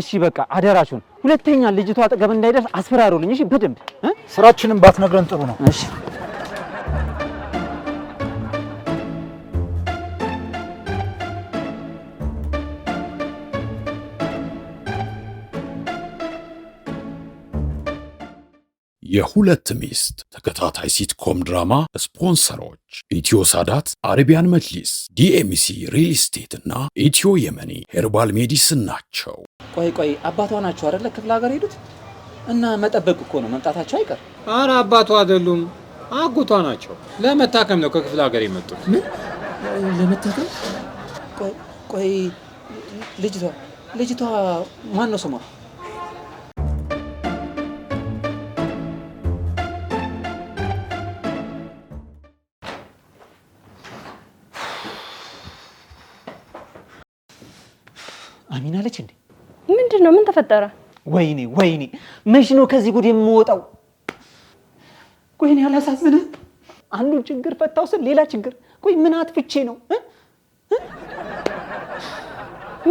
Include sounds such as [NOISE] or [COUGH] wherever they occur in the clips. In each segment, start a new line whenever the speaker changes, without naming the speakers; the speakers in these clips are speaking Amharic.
እሺ በቃ አደራችሁን፣ ሁለተኛ ልጅቷ አጠገብ እንዳይደርስ አስፈራሩልኝ። እሺ በደንብ
ስራችንን ባትነግረን ጥሩ ነው።
እሺ
የሁለት ሚስት ተከታታይ ሲትኮም ድራማ ስፖንሰሮች ኢትዮ ሳዳት፣ አረቢያን መጅሊስ፣ ዲኤምሲ ሪል ስቴት እና ኢትዮ የመኒ ሄርባል ሜዲስን ናቸው።
ቆይ ቆይ አባቷ ናቸው አይደለ? ክፍለ ሀገር ሄዱት እና መጠበቅ እኮ ነው መምጣታቸው አይቀር።
አረ አባቷ አይደሉም አጎቷ ናቸው። ለመታከም ነው ከክፍለ ሀገር የመጡት።
ምን ለመታከም? ቆይ ቆይ ልጅቷ ልጅቷ ማን ነው ስሟ? ተፈጠረ?
ወይኔ ወይኔ፣ መች ነው ከዚህ ጉድ የምወጣው?
ቆይኔ ያላሳዝነ አንዱን ችግር ፈታው ስል ሌላ ችግር። ቆይ ምን አጥፍቼ ነው?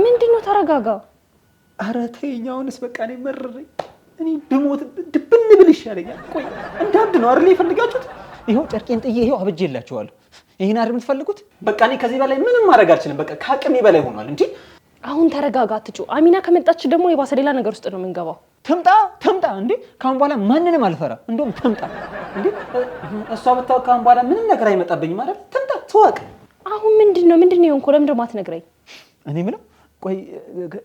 ምንድን ነው? ተረጋጋ።
ኧረ ተይኝ አሁንስ፣ በቃ እኔ መረረኝ። እኔ ብሞት ድብን ብል ይሻለኛል። ቆይ እንዳብድ ነው አይደል የፈልጋችሁት?
ይኸው ጨርቄን ጥዬ ይኸው አብጄላችኋለሁ። ይህን አይደል የምትፈልጉት? በቃ እኔ ከዚህ በላይ ምንም ማድረግ አልችልም። በቃ ከአቅሜ በላይ ሆኗል እንጂ አሁን ተረጋጋ፣ ትጩ አሚና ከመጣች ደግሞ የባሰ ሌላ ነገር ውስጥ ነው የምንገባው።
ትምጣ ትምጣ እንዴ! ካሁን በኋላ ማንንም አልፈራ። እንዲሁም ትምጣ እንዴ! እሷ ብታወቅ ካሁን በኋላ ምንም ነገር አይመጣብኝ ማለት። ትምጣ ትወቅ።
አሁን ምንድን ነው ምንድን ነው የሆንኩ? ለምንድን ነው የማትነግረኝ?
እኔ ምለው ቆይ፣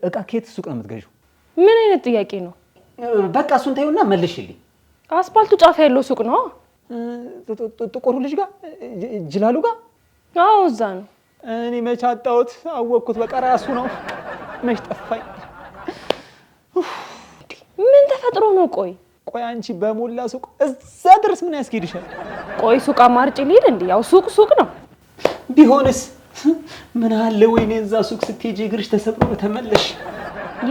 እቃ ከየት ሱቅ ነው የምትገዢው?
ምን አይነት ጥያቄ ነው?
በቃ እሱን ታዩና መልሽልኝ።
አስፓልቱ ጫፍ ያለው ሱቅ ነው።
ጥቁሩ ልጅ ጋር ጅላሉ ጋር? አዎ እዛ ነው እኔ መች አጣሁት? አወቅኩት። በቃ ራሱ ነው። መች ጠፋኝ።
ምን ተፈጥሮ ነው? ቆይ
ቆይ፣ አንቺ በሞላ ሱቅ እዛ ድረስ ምን ያስኬድሻል?
ቆይ ሱቅ አማርጭ ልሂድ እንዴ? ያው ሱቅ ሱቅ ነው።
ቢሆንስ ምን አለ? ወይኔ እዛ ሱቅ ስትሄጂ እግርሽ ተሰብሮ በተመለሽ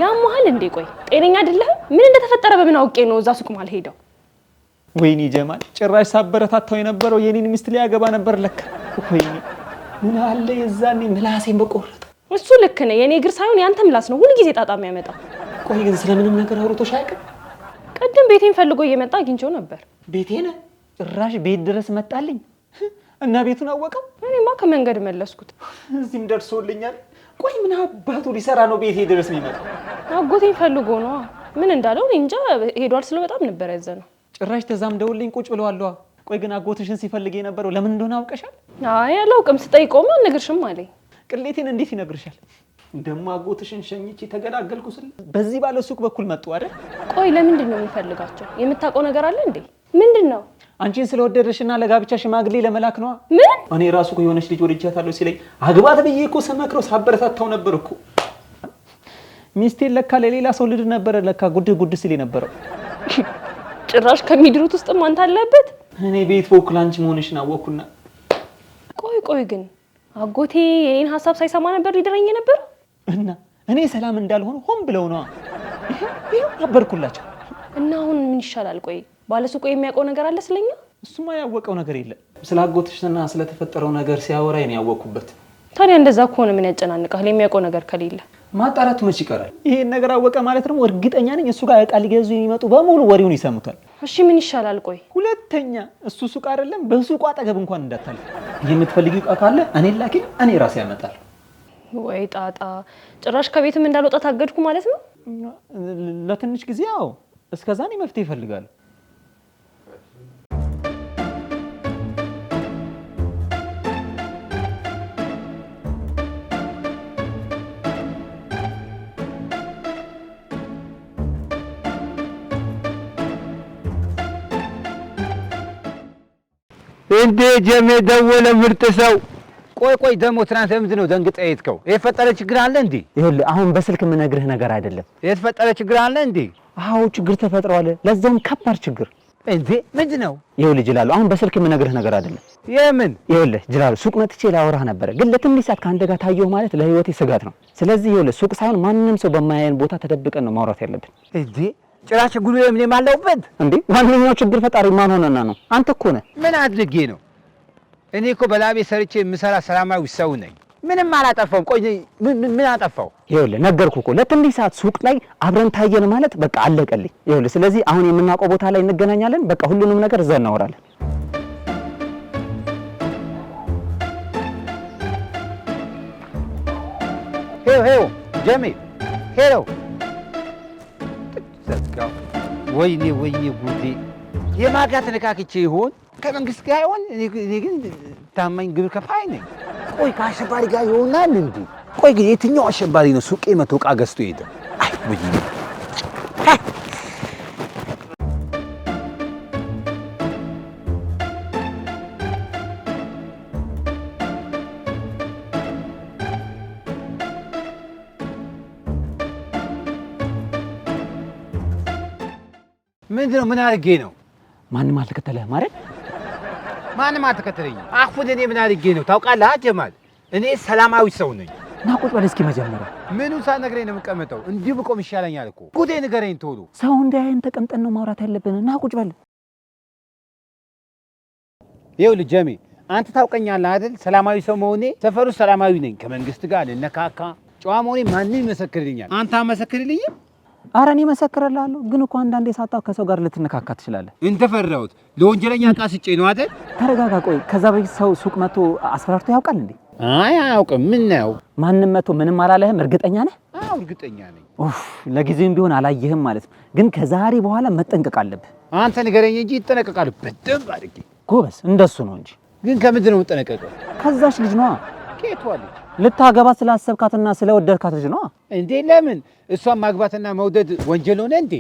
ያመሃል እንዴ? ቆይ ጤነኛ አይደለህም? ምን እንደተፈጠረ በምን አውቄ ነው እዛ ሱቅ ማል
ወይኔ ጀማል፣ ጭራሽ ሳበረታታው የነበረው የኔን ሚስት ሊያገባ ነበር ለካ። ወይኔ ምን አለ የዛኔ ምላሴን በቆረጠ።
እሱ ልክ ነህ። የእኔ እግር ሳይሆን የአንተ ምላስ ነው ሁልጊዜ ጣጣ የሚያመጣው።
ቆይ ግን ስለምንም ነገር አውርቶሽ አያውቅም?
ቅድም ቤቴን ፈልጎ እየመጣ አግኝቼው ነበር።
ቤቴን ጭራሽ ቤት ድረስ መጣልኝ እና ቤቱን አወቀው።
እኔማ ከመንገድ መለስኩት።
እዚህም ደርሶልኛል። ቆይ ምን አባቱ ሊሰራ ነው ቤቴ ድረስ የሚመጣው?
አጎቴን ፈልጎ ነዋ። ምን እንዳለው እንጃ። ሄዷል ስለ በጣም ነበር ያዘነው።
ጭራሽ ተዛምደውልኝ ቁጭ ብለዋለዋ ቆይ ግን አጎትሽን ሲፈልግ የነበረው ለምን እንደሆነ አውቀሻል?
አይ አላውቅም። ስጠይቀውማ አልነግርሽም አለኝ።
ቅሌቴን እንዴት ይነግርሻል? ደግሞ አጎትሽን ሸኝቼ ተገላገልኩ ስል በዚህ ባለ ሱቅ በኩል መጡ አይደል?
ቆይ ለምንድን ነው የሚፈልጋቸው? የምታውቀው ነገር አለ እንዴ? ምንድን ነው?
አንቺን ስለወደደሽና ለጋብቻ ሽማግሌ ለመላክ ነዋ። ምን? እኔ ራሱ የሆነች ልጅ ወድጃታለሁ ሲለኝ አግባት ብዬ እኮ ስመክረው ሳበረታታው ነበር እኮ። ሚስቴን ለካ ለሌላ ሰው ልድ ነበረ ለካ ጉድ ጉድ ሲል የነበረው።
ጭራሽ ከሚድሩት ውስጥም አንተ አለበት።
እኔ ቤት በኩል አንቺ መሆንሽን አወኩና።
ቆይ ቆይ ግን አጎቴ የኔን ሀሳብ ሳይሰማ ነበር ሊድረኝ ነበር
እና እኔ ሰላም እንዳልሆን ሆን ብለው ነዋ። ይሄ ነበርኩላቸው።
እና አሁን ምን ይሻላል? ቆይ ባለሱቁ የሚያውቀው ነገር አለ ስለኛ?
እሱማ ያወቀው ነገር የለም። ስለ አጎትሽና ስለተፈጠረው ነገር ሲያወራ ነው ያወኩበት።
ታዲያ እንደዛ ከሆነ ምን ያጨናንቃል? የሚያውቀው ነገር ከሌለ
ማጣራቱ መች ይቀራል? ይሄን ነገር አወቀ ማለት ደግሞ እርግጠኛ ነኝ እሱ ጋር እቃ ሊገዙ የሚመጡ በሙሉ ወሬውን ይሰሙታል።
እሺ ምን ይሻላል? ቆይ
ሁለተኛ እሱ ሱቅ አይደለም በሱቁ አጠገብ እንኳን እንዳታልፍ። የምትፈልጊ እቃ ካለ እኔ ላኪ፣ እኔ ራሴ ያመጣል።
ወይ ጣጣ! ጭራሽ ከቤትም እንዳልወጣ ታገድኩ ማለት ነው።
ለትንሽ ጊዜ ያው እስከዛኔ መፍትሄ ይፈልጋል። እንዴ ጀሜ ደወለ። ምርጥ ሰው። ቆይ ቆይ፣ ደግሞ ትናንት ለምንድን ነው ደንግጠ የሄድከው? የተፈጠረ ችግር አለ እንዴ? ይኸውልህ አሁን በስልክ የምነግርህ ነገር አይደለም። የተፈጠረ ችግር አለ እንዴ? አዎ ችግር ተፈጥሯል። ለዛውም ከባድ ችግር። እንዴ ምንድን ነው? ይኸውልህ ጅላሉ፣ አሁን በስልክ የምነግርህ ነገር አይደለም። የምን? ይኸውልህ ጅላሉ፣ ሱቅ መጥቼ ላወራህ ነበረ፣ ግን ለትንሽ ሰዓት ከአንተ ጋር ታየሁ ማለት ለህይወቴ ስጋት ነው። ስለዚህ ይኸውልህ ሱቅ ሳይሆን ማንም ሰው በማያየን ቦታ ተደብቀን ነው ማውራት ያለብን። እንዴ ጭራሽ ጉሉ ምን የማለውበት እንዴ? ዋንኛው ችግር ፈጣሪ ማን ሆነና ነው? አንተ እኮ ነህ። ምን አድርጌ ነው? እኔ እኮ በላቤ ሰርቼ የምሰራ ሰላማዊ ሰው ነኝ። ምንም አላጠፋውም። ቆይ ምን አጠፋው? ይኸውልህ ነገርኩ እኮ ለትንሽ ሰዓት ሱቅ ላይ አብረን ታየን ማለት በቃ አለቀልኝ። ይኸውልህ ስለዚህ አሁን የምናውቀው ቦታ ላይ እንገናኛለን። በቃ ሁሉንም ነገር እዛ እናወራለን። ሄው ሄው ጀሜ ሄው ተዘጋው። ወይኔ ወይኔ ጉዴ! የማጋ ተነካክቼ ይሆን ከመንግስት ጋር ይሆን? እኔ ግን ታማኝ ግብር ከፋይ ነኝ። ቆይ ከአሸባሪ ጋር ይሆናል እንዴ? ቆይ ግን የትኛው አሸባሪ ነው ሱቄ መቶ እቃ ገዝቶ ሄደ? አይ ወይኔ ምን አድርጌ ነው? ማንም አልተከተለህ ማለት ማንም አልተከተለኝም። አሁን እኔ ምን አድርጌ ነው ታውቃለህ? ጀማል እኔ ሰላማዊ ሰው ነኝ። ና ቁጭ በል እስኪ መጀመሪያ ምኑን ሳትነግረኝ ነው የምቀመጠው? እንዲሁ ብቆም ይሻለኛል እኮ። ጉዴ ንገረኝ ቶሎ። ሰው እንዳያየን ተቀምጠን ነው ማውራት ያለብን። ና ቁጭ በል። ይኸውልህ ጀሜ አንተ ታውቀኛለህ አይደል? ሰላማዊ ሰው መሆኔ ሰፈሩ ሰላማዊ ነኝ። ከመንግስት ጋር ልነካካ ጨዋ መሆኔ ማንም ይመሰክርልኛል። አንተ አመሰክርልኝም አረ እኔ መሰክርልሃለሁ። ግን እኮ አንዳንዴ ሳጣ ከሰው ጋር ልትነካካ ትችላለህ። እንደፈራሁት ለወንጀለኛ እቃ ስጬ ነው አይደል? ተረጋጋ። ቆይ ከዛ በፊት ሰው ሱቅ መቶ አስፈራርቶ ያውቃል እንዴ? አይ አያውቅም። ምን ነው ማንም መቶ ምንም አላለህም? እርግጠኛ ነህ? አዎ እርግጠኛ ነኝ። ኡፍ ለጊዜም ቢሆን አላየህም ማለት ነው። ግን ከዛሬ በኋላ መጠንቀቅ አለብህ። አንተ ንገረኝ እንጂ ይጠነቀቃል በደንብ አድርጌ። ጎበስ። እንደሱ ነው እንጂ። ግን ከምንድን ነው የምጠነቀቀው? ከዛች ልጅ ነዋ። ኬቷ ልጅ ልታገባ ስላሰብካትና ስለወደድካት ልጅ ነው እንዴ? ለምን እሷ ማግባትና መውደድ ወንጀል ሆነ እንዴ?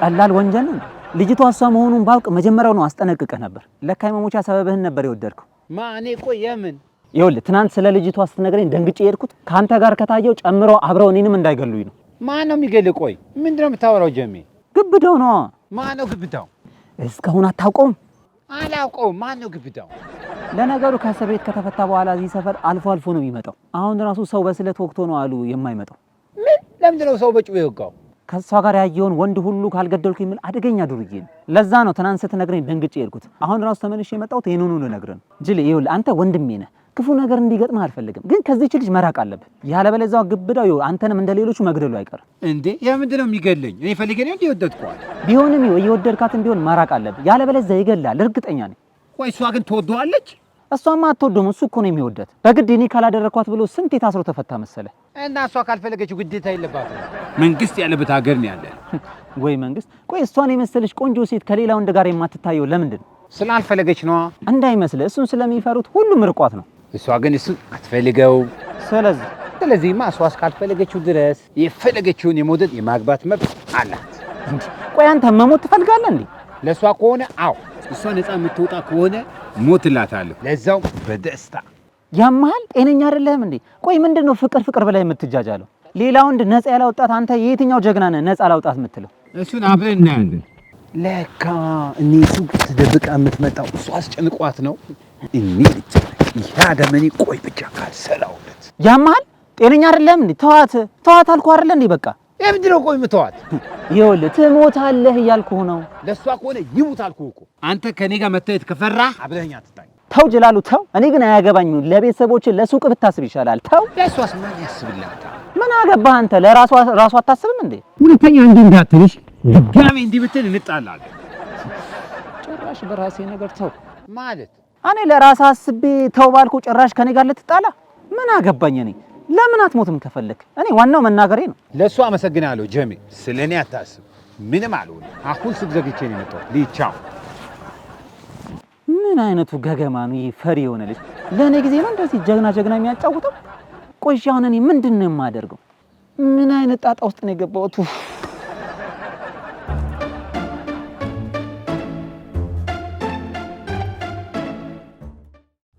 ቀላል ወንጀል ነው። ልጅቷ እሷ መሆኑን ባውቅ መጀመሪያው ነው አስጠነቅቀ ነበር። ለካይ መሞቻ ሰበብህን ነበር የወደድከው። ማ እኔ ቆይ የምን ይኸውልህ፣ ትናንት ስለ ልጅቷ ስትነግረኝ ደንግጬ የሄድኩት ከአንተ ጋር ከታየው ጨምሮ አብረው እኔንም እንዳይገሉኝ ነው። ማን ነው የሚገልህ? ቆይ ምንድነው የምታወራው? ጀሜ ግብደው ነው። ማነው ግብደው? እስካሁን አታውቀውም? አላውቀውም። ማነው ግብዳው? ለነገሩ ከእስር ቤት ከተፈታ በኋላ እዚህ ሰፈር አልፎ አልፎ ነው የሚመጣው። አሁን ራሱ ሰው በስለት ወቅቶ ነው አሉ የማይመጣው። ምን? ለምንድን ነው ሰው በጩቤ ወጋው? ከእሷ ጋር ያየውን ወንድ ሁሉ ካልገደልኩ የሚል አደገኛ ዱርዬ ነው። ለዛ ነው ትናንት ስትነግረኝ ደንግጬ የሄድኩት። አሁን ራሱ ተመልሼ የመጣሁት ይህንኑ ልነግርህ ነግረን። ጅል ይኸውልህ፣ አንተ ወንድሜ ነህ ክፉ ነገር እንዲገጥም አልፈልግም፣ ግን ከዚች ልጅ መራቅ አለብህ። ያለበለዚያ ግብዳው ይኸው አንተንም እንደ ሌሎቹ መግደሉ አይቀርም። እንዴ ያ ምንድን ነው የሚገለኝ? እኔ ፈልጌ ነው እንደ ቢሆንም ይኸው እየወደድካትም ቢሆን መራቅ አለብህ፣ ያለበለዚያ ይገላል። እርግጠኛ ነኝ። ቆይ እሷ ግን ትወደዋለች? እሷማ አትወደውም። እሱ እኮ ነው የሚወደት። በግድ እኔ ካላደረኳት ብሎ ስንት የታስሮ ተፈታ መሰለ። እና እሷ ካልፈለገችው ግዴታ የለባትም። መንግስት ያለበት ሀገር ነው ያለ [LAUGHS] ወይ መንግስት? ቆይ እሷን የመሰለች ቆንጆ ሴት ከሌላ ወንድ ጋር የማትታየው ለምንድን ነው? ስላልፈለገች ነዋ። እንዳይመስልህ፣ እሱን ስለሚፈሩት ሁሉም ርቋት ነው። እሷ ግን እሱ አትፈልገው። ስለዚህ ስለዚህማ እሷ እስካልፈለገችው ድረስ የፈለገችውን የመውደድ የማግባት መብት አላት። ቆይ አንተ መሞት ትፈልጋለህ እንዴ? ለእሷ ከሆነ አዎ፣ እሷ ነፃ የምትወጣ ከሆነ ላታለሁ ለዛው በደስታ። ያመሃል ጤነኛ አይደለህም እንዴ? ቆይ ምንድን ነው ፍቅር ፍቅር ብላ የምትጃጃለው? ሌላ ወንድ ነፃ ያላውጣት አንተ የየትኛው ጀግና ነህ ነፃ ላውጣት የምትለው? እሱን አብረን እናያለን። ለካ እኔ እሱ ትደብቃ የምትመጣው እሷ አስጨንቋት ነው እኔ ይሄ ደመኔ ቆይ ብቻ ካልሰላውለት ያማል። ጤነኛ አይደለም እንዴ? ተዋት ተዋት አልኩ አይደለ እንዴ? በቃ የምንድን ነው ቆይ የምትዋት? ይኸውልህ ትሞታለህ እያልኩህ ነው። ለእሷ ከሆነ ይሙት አልኩ እኮ። አንተ ከእኔ ጋር መታየት ከፈራህ አብረኸኝ አትታኝ። ተው ጅላሉ ተው። እኔ ግን አያገባኝ። ለቤተሰቦች ለሱቅ ብታስብ ይሻላል። ተው። ለእሷስ ማን ያስብላታል? ምን አገባህ አንተ? ለራሷ ራሷ አታስብም እንዴ? ሁለተኛ እንዲህ እንዳትልሽ፣ ድጋሜ እንዲህ ብትል እንጣላለን። ጭራሽ በራሴ ነገር ተው ማለት እኔ ለራሳ አስቤ ተው ባልኩ ጭራሽ ከኔ ጋር ልትጣላ ምን አገባኝ? እኔ ለምን አትሞትም ከፈለክ? እኔ ዋናው መናገሬ ነው። ለእሱ አመሰግናለሁ ጀሜ፣ ስለ እኔ አታስብ። ምንም አልሆነ። አሁን ስልክ ዘግቼ ነው የመጣሁት። ሊቻው ምን አይነቱ ገገማ ነው ይሄ? ፈሪ የሆነ ልጅ ለእኔ ጊዜ ነው እንደዚህ ጀግና ጀግና የሚያጫውተው። ቆይ አሁን እኔ ምንድን ነው የማደርገው? ምን አይነት ጣጣ ውስጥ ነው የገባሁት?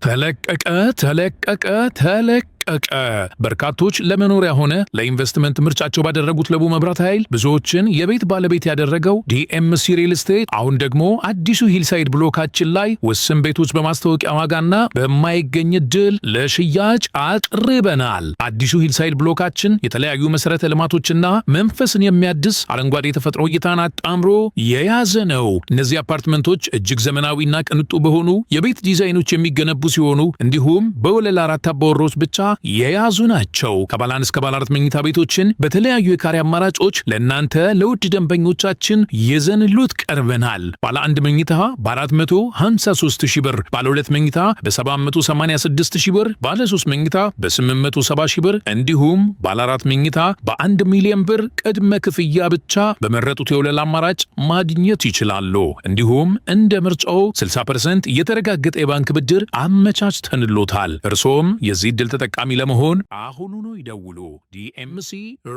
ተለቀቀ ተለቀቀ ተለቀ ተለቀቀ። በርካቶች ለመኖሪያ ሆነ ለኢንቨስትመንት ምርጫቸው ባደረጉት ለቡ መብራት ኃይል ብዙዎችን የቤት ባለቤት ያደረገው ዲኤምሲ ሪል ስቴት አሁን ደግሞ አዲሱ ሂልሳይድ ብሎካችን ላይ ውስን ቤቶች በማስታወቂያ ዋጋና በማይገኝ ድል ለሽያጭ አቅርበናል። አዲሱ ሂልሳይድ ብሎካችን የተለያዩ መሰረተ ልማቶችና መንፈስን የሚያድስ አረንጓዴ የተፈጥሮ እይታን አጣምሮ የያዘ ነው። እነዚህ አፓርትመንቶች እጅግ ዘመናዊና ቅንጡ በሆኑ የቤት ዲዛይኖች የሚገነቡ ሲሆኑ እንዲሁም በወለል አራት አባወሮች ብቻ የያዙ ናቸው። ከባለ አንድ እስከ ባለ አራት መኝታ ቤቶችን በተለያዩ የካሬ አማራጮች ለእናንተ ለውድ ደንበኞቻችን ይዘንሉት ቀርበናል። ባለ አንድ መኝታ በ453 ሺህ ብር፣ ባለ ሁለት መኝታ በ786 ሺህ ብር፣ ባለ ሶስት መኝታ በ870 ሺህ ብር እንዲሁም ባለ አራት መኝታ በ1 ሚሊዮን ብር ቅድመ ክፍያ ብቻ በመረጡት የወለል አማራጭ ማግኘት ይችላሉ። እንዲሁም እንደ ምርጫው 60 የተረጋገጠ የባንክ ብድር አመቻችተንሎታል። እርሶም የዚህ ዕድል ተጠቃሚ ተጠቃሚ ለመሆን አሁኑኑ ይደውሉ። ዲኤምሲ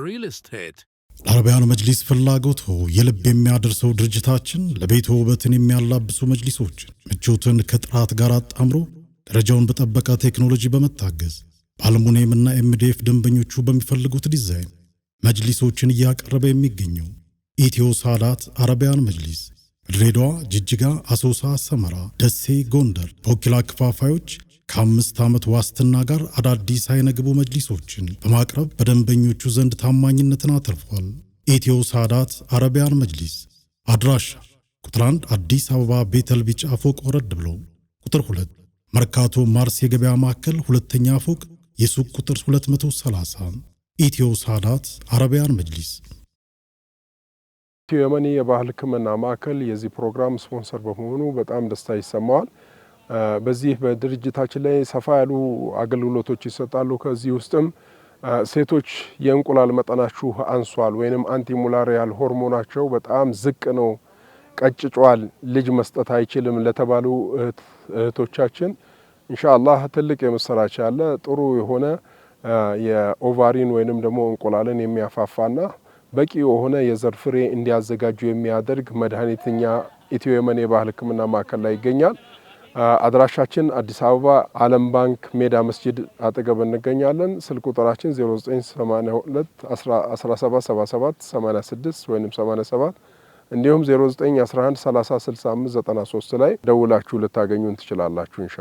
ሪል ስቴት። ለአረቢያን መጅሊስ ፍላጎቶ የልብ የሚያደርሰው ድርጅታችን ለቤት ውበትን የሚያላብሱ መጅሊሶችን ምቾትን ከጥራት ጋር አጣምሮ ደረጃውን በጠበቀ ቴክኖሎጂ በመታገዝ በአልሙኒየምና ኤምዲኤፍ ደንበኞቹ በሚፈልጉት ዲዛይን መጅሊሶችን እያቀረበ የሚገኘው ኢትዮ ሳዳት አረቢያን መጅሊስ ድሬዳዋ፣ ጅጅጋ፣ አሶሳ፣ ሰመራ፣ ደሴ፣ ጎንደር በወኪላ ክፋፋዮች ከአምስት ዓመት ዋስትና ጋር አዳዲስ አይነ ግቡ መጅሊሶችን በማቅረብ በደንበኞቹ ዘንድ ታማኝነትን አትርፏል። ኢትዮ ሳዳት አረቢያን መጅሊስ አድራሻ ቁጥር 1 አዲስ አበባ ቤተል ቢጫ ፎቅ ወረድ ብሎ፣ ቁጥር 2 መርካቶ ማርስ የገበያ ማዕከል ሁለተኛ ፎቅ የሱቅ ቁጥር 230 ኢትዮ ሳዳት አረቢያን መጅሊስ።
ኢትዮ የመኒ የባህል ሕክምና ማዕከል የዚህ ፕሮግራም ስፖንሰር በመሆኑ በጣም ደስታ ይሰማዋል። በዚህ በድርጅታችን ላይ ሰፋ ያሉ አገልግሎቶች ይሰጣሉ። ከዚህ ውስጥም ሴቶች የእንቁላል መጠናችሁ አንሷል ወይንም አንቲሙላሪያል ሆርሞናቸው በጣም ዝቅ ነው፣ ቀጭጯል፣ ልጅ መስጠት አይችልም ለተባሉ እህቶቻችን ኢንሻአላህ ትልቅ የምስራች ያለ ጥሩ የሆነ የኦቫሪን ወይንም ደግሞ እንቁላልን የሚያፋፋና በቂ የሆነ የዘር ፍሬ እንዲያዘጋጁ የሚያደርግ መድኃኒትኛ ኢትዮ የመን የባህል ሕክምና ማዕከል ላይ ይገኛል። አድራሻችን አዲስ አበባ አለም ባንክ ሜዳ መስጂድ አጠገብ እንገኛለን። ስልክ ቁጥራችን 0982 1777 ወይም 87 እንዲሁም 0911 30 65 93 ላይ ደውላችሁ ልታገኙን ትችላላችሁ እንሻ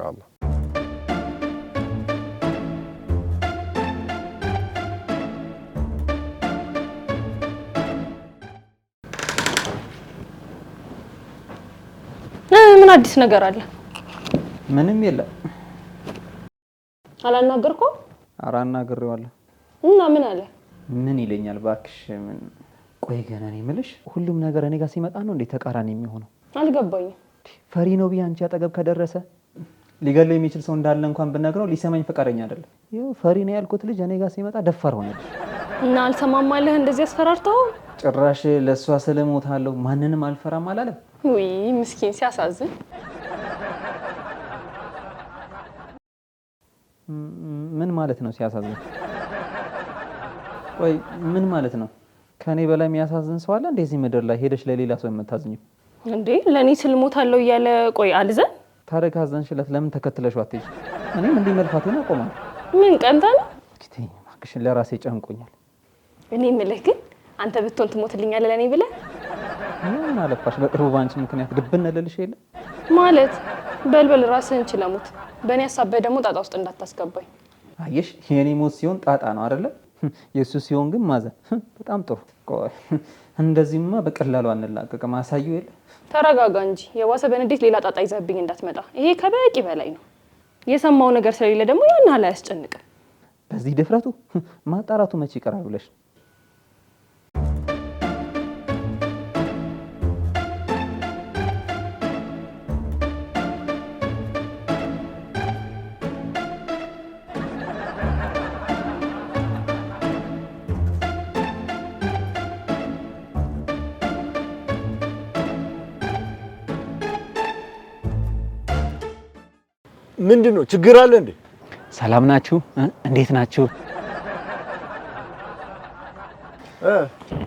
ምን አዲስ ነገር አለ? ምንም የለም። አላናገርኩም?
ኧረ አናግሬዋለሁ። እና ምን አለ? ምን ይለኛል ባክሽ? ምን ቆይ፣ ገና እኔ የምልሽ ሁሉም ነገር እኔ ጋር ሲመጣ ነው እንዴ ተቃራኒ የሚሆነው? አልገባኝም። ፈሪ ነው ብዬ አንቺ አጠገብ ከደረሰ ሊገለው የሚችል ሰው እንዳለ እንኳን ብነግረው ሊሰማኝ ፈቃደኛ አይደለም። ይኸው ፈሪ ነው ያልኩት ልጅ እኔ ጋር ሲመጣ ደፋር ሆነ
እና አልሰማማለህ። እንደዚህ አስፈራርተው
ጭራሽ ለእሷ ስለሞታለሁ ማንንም አልፈራም አላለም።
ውይ ምስኪን ሲያሳዝን
ምን ማለት ነው ሲያሳዝን? ወይ ምን ማለት ነው? ከኔ በላይ የሚያሳዝን ሰው አለ እንደዚህ ምድር ላይ ሄደሽ ለሌላ ሰው የምታዝኝው?
እንዴ ለእኔ ስልሞት አለው እያለ ቆይ አልዘን
ታሪክ አዘንሽለት ለምን ተከትለሽ አትሄጂ? እኔም እንዲህ መልፋቴን አቆማል።
ምን ቀንታ ነው
እባክሽን፣ ለራሴ ጨንቆኛል።
እኔ ምልህ ግን አንተ ብትሆን ትሞትልኛለ ለእኔ ብለ
ምን አለፋሽ በቅርቡ በአንቺ ምክንያት ግብን ልልሽ የለ
ማለት በልበል ራስህን ችለሙት በእኔ ሀሳብህ ደግሞ ጣጣ ውስጥ እንዳታስገባኝ።
አየሽ የኔ ሞት ሲሆን ጣጣ ነው አይደለ? የእሱ ሲሆን ግን ማዘን። በጣም ጥሩ። እንደዚህማ በቀላሉ አንላቀቅም። አሳየው የለ።
ተረጋጋ እንጂ የዋሰ በንዴት ሌላ ጣጣ ይዘብኝ እንዳትመጣ። ይሄ ከበቂ በላይ ነው። የሰማው ነገር ስለሌለ ደግሞ ያን ያህል አያስጨንቅም።
በዚህ ድፍረቱ ማጣራቱ መቼ ይቀራል ብለሽ ነው ምንድን ነው ችግር አለ እንዴ? ሰላም ናችሁ? እንዴት ናችሁ?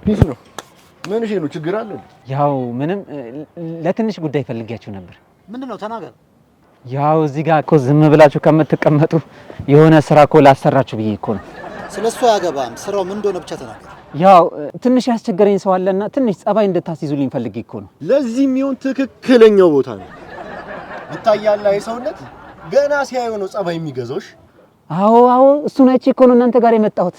ፒስ ነው። ምን እሺ ነው? ችግር አለ? ያው ምንም ለትንሽ ጉዳይ ፈልጊያችሁ ነበር። ምንድን ነው? ተናገር። ያው እዚህ ጋር እኮ ዝም ብላችሁ ከምትቀመጡ የሆነ ስራ እኮ ላሰራችሁ ብዬ እኮ ነው። ስለሱ አያገባም። ስራው ምን እንደሆነ ብቻ ተናገር። ያው ትንሽ ያስቸገረኝ ሰው አለና ትንሽ ጸባይ እንድታስይዙልኝ ፈልጌ እኮ ነው። ለዚህ የሚሆን ትክክለኛው ቦታ ነው። ይታያል አይ ሰውነት ገና ሲያዩ ነው ጸባይ የሚገዛውሽ። አዎ አዎ፣ እሱ ነች እኮ ነው እናንተ ጋር የመጣሁት።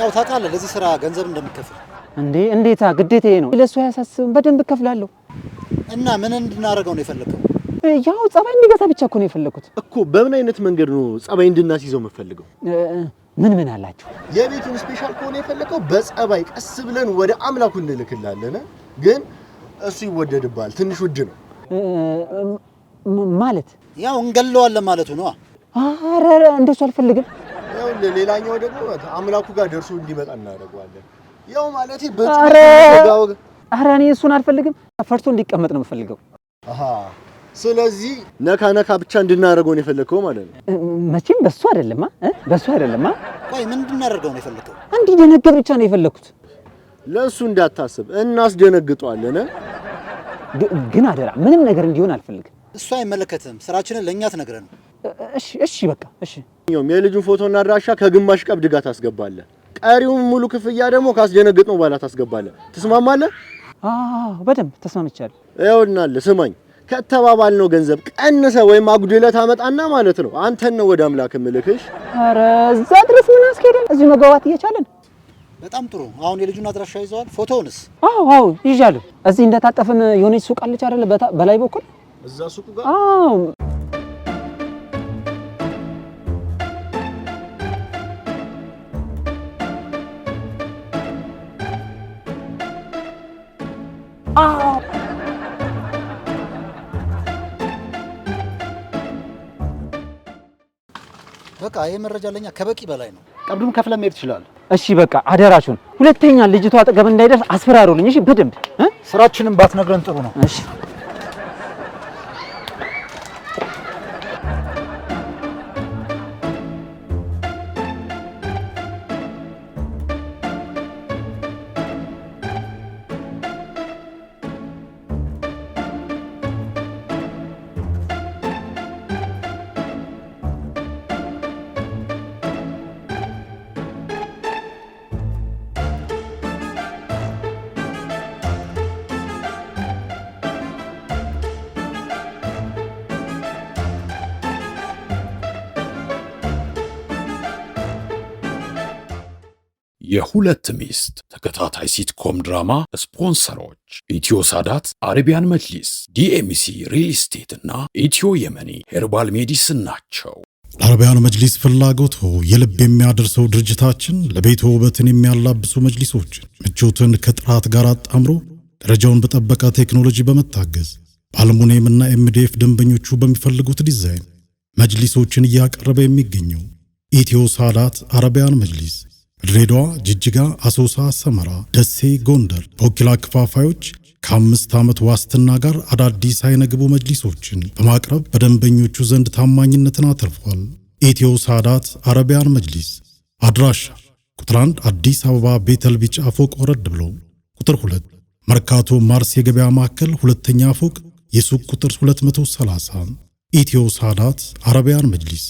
ያው ታውቃለህ ለዚህ ስራ ገንዘብ እንደምከፍል። እንዴ እንዴታ፣ ግዴታዬ ነው። ለእሱ አያሳስብም፣ በደንብ እከፍላለሁ። እና ምን እንድናደርገው ነው የፈለገው? ያው ጸባይ እንዲገዛ ብቻ እኮ ነው የፈለኩት እኮ። በምን አይነት መንገድ ነው ጸባይ እንድናስይዘው የምፈልገው? ምን ምን አላችሁ? የቤቱን ስፔሻል ከሆነ የፈለገው በጸባይ ቀስ ብለን ወደ አምላኩ እንልክላለን። ግን እሱ ይወደድባል፣ ትንሽ ውድ ነው ማለት ያው እንገለዋለን ማለቱ ነው። አረ እንደሱ አልፈልግም። ያው ሌላኛው ደግሞ አምላኩ ጋር ደርሶ እንዲመጣ እናደርገዋለን። ያው ማለት በጋወግ አረ እኔ እሱን አልፈልግም። ፈርቶ እንዲቀመጥ ነው የምፈልገው። አሃ ስለዚህ ነካ ነካ ብቻ እንድናደርገው ነው የፈለግከው ማለት ነው። መቼም በሱ አይደለም በሱ አይደለም። ቆይ ምን እንድናደርገው ነው የፈለግከው? እንዲደነገጥ ብቻ ነው የፈለግኩት። ለሱ እንዳታስብ፣ እናስደነግጠዋለን። ግን አደራ ምንም ነገር እንዲሆን አልፈልግም። እሷ አይመለከትም። ስራችንን ለእኛ ትነግረን። እሺ እሺ፣ በቃ እሺ። የልጁን ፎቶና አድራሻ ከግማሽ ቀብድ ጋር ታስገባለ። ቀሪውን ሙሉ ክፍያ ደግሞ ካስደነግጥነው በኋላ ታስገባለህ። ትስማማለህ? በደንብ ተስማምቻለሁ። ይኸውልህ ስማኝ ነው ገንዘብ ቀንሰ ወይም አጉድለ ታመጣና ማለት ነው። አንተን ነው ወደ አምላክ ምልክሽ። እዛ ድረስ ምን አስኬደን እዚሁ መግባባት እየቻለን። በጣም ጥሩ። አሁን የልጁን አድራሻ ይዘዋል። ፎቶውንስ? አዎ አዎ ይዣለሁ። እዚህ እንደታጠፍን የሆነች ሱቅ አለች አይደለ? በላይ በኩል እዛ ሱቁ ጋር በቃ ይሄ መረጃ ለኛ ከበቂ በላይ ነው። ቀብዱም ከፍለ መሄድ ትችላለህ። እሺ በቃ አደራችሁን፣ ሁለተኛ ልጅቷ አጠገብ እንዳይደርስ አስፈራሩልኝ። እሺ በደንብ ስራችንን ባትነግረን ጥሩ ነው። እሺ
የሁለት ሚስት ተከታታይ ሲትኮም ድራማ ስፖንሰሮች ኢትዮ ሳዳት፣ አረቢያን መጅሊስ፣ ዲኤምሲ ሪል ስቴት እና ኢትዮ የመኒ ሄርባል ሜዲስን ናቸው። ለአረቢያን መጅሊስ ፍላጎት የልብ የሚያደርሰው ድርጅታችን ለቤት ውበትን የሚያላብሱ መጅሊሶችን ምቾትን ከጥራት ጋር አጣምሮ ደረጃውን በጠበቀ ቴክኖሎጂ በመታገዝ በአልሙኒየም እና ኤምዲኤፍ ደንበኞቹ በሚፈልጉት ዲዛይን መጅሊሶችን እያቀረበ የሚገኘው ኢትዮ ሳዳት አረቢያን መጅሊስ ድሬዳዋ፣ ጅጅጋ፣ አሶሳ፣ ሰመራ፣ ደሴ፣ ጎንደር በወኪላ ክፋፋዮች ከአምስት ዓመት ዋስትና ጋር አዳዲስ አይነግቡ መጅሊሶችን በማቅረብ በደንበኞቹ ዘንድ ታማኝነትን አተርፏል። ኢትዮ ሳዳት አረቢያን መጅሊስ አድራሻ ቁጥር 1 አዲስ አበባ ቤተል ቢጫ ፎቅ ወረድ ብሎ፣ ቁጥር 2 መርካቶ ማርስ የገበያ ማዕከል ሁለተኛ ፎቅ የሱቅ ቁጥር 230 ኢትዮ ሳዳት አረቢያን መጅሊስ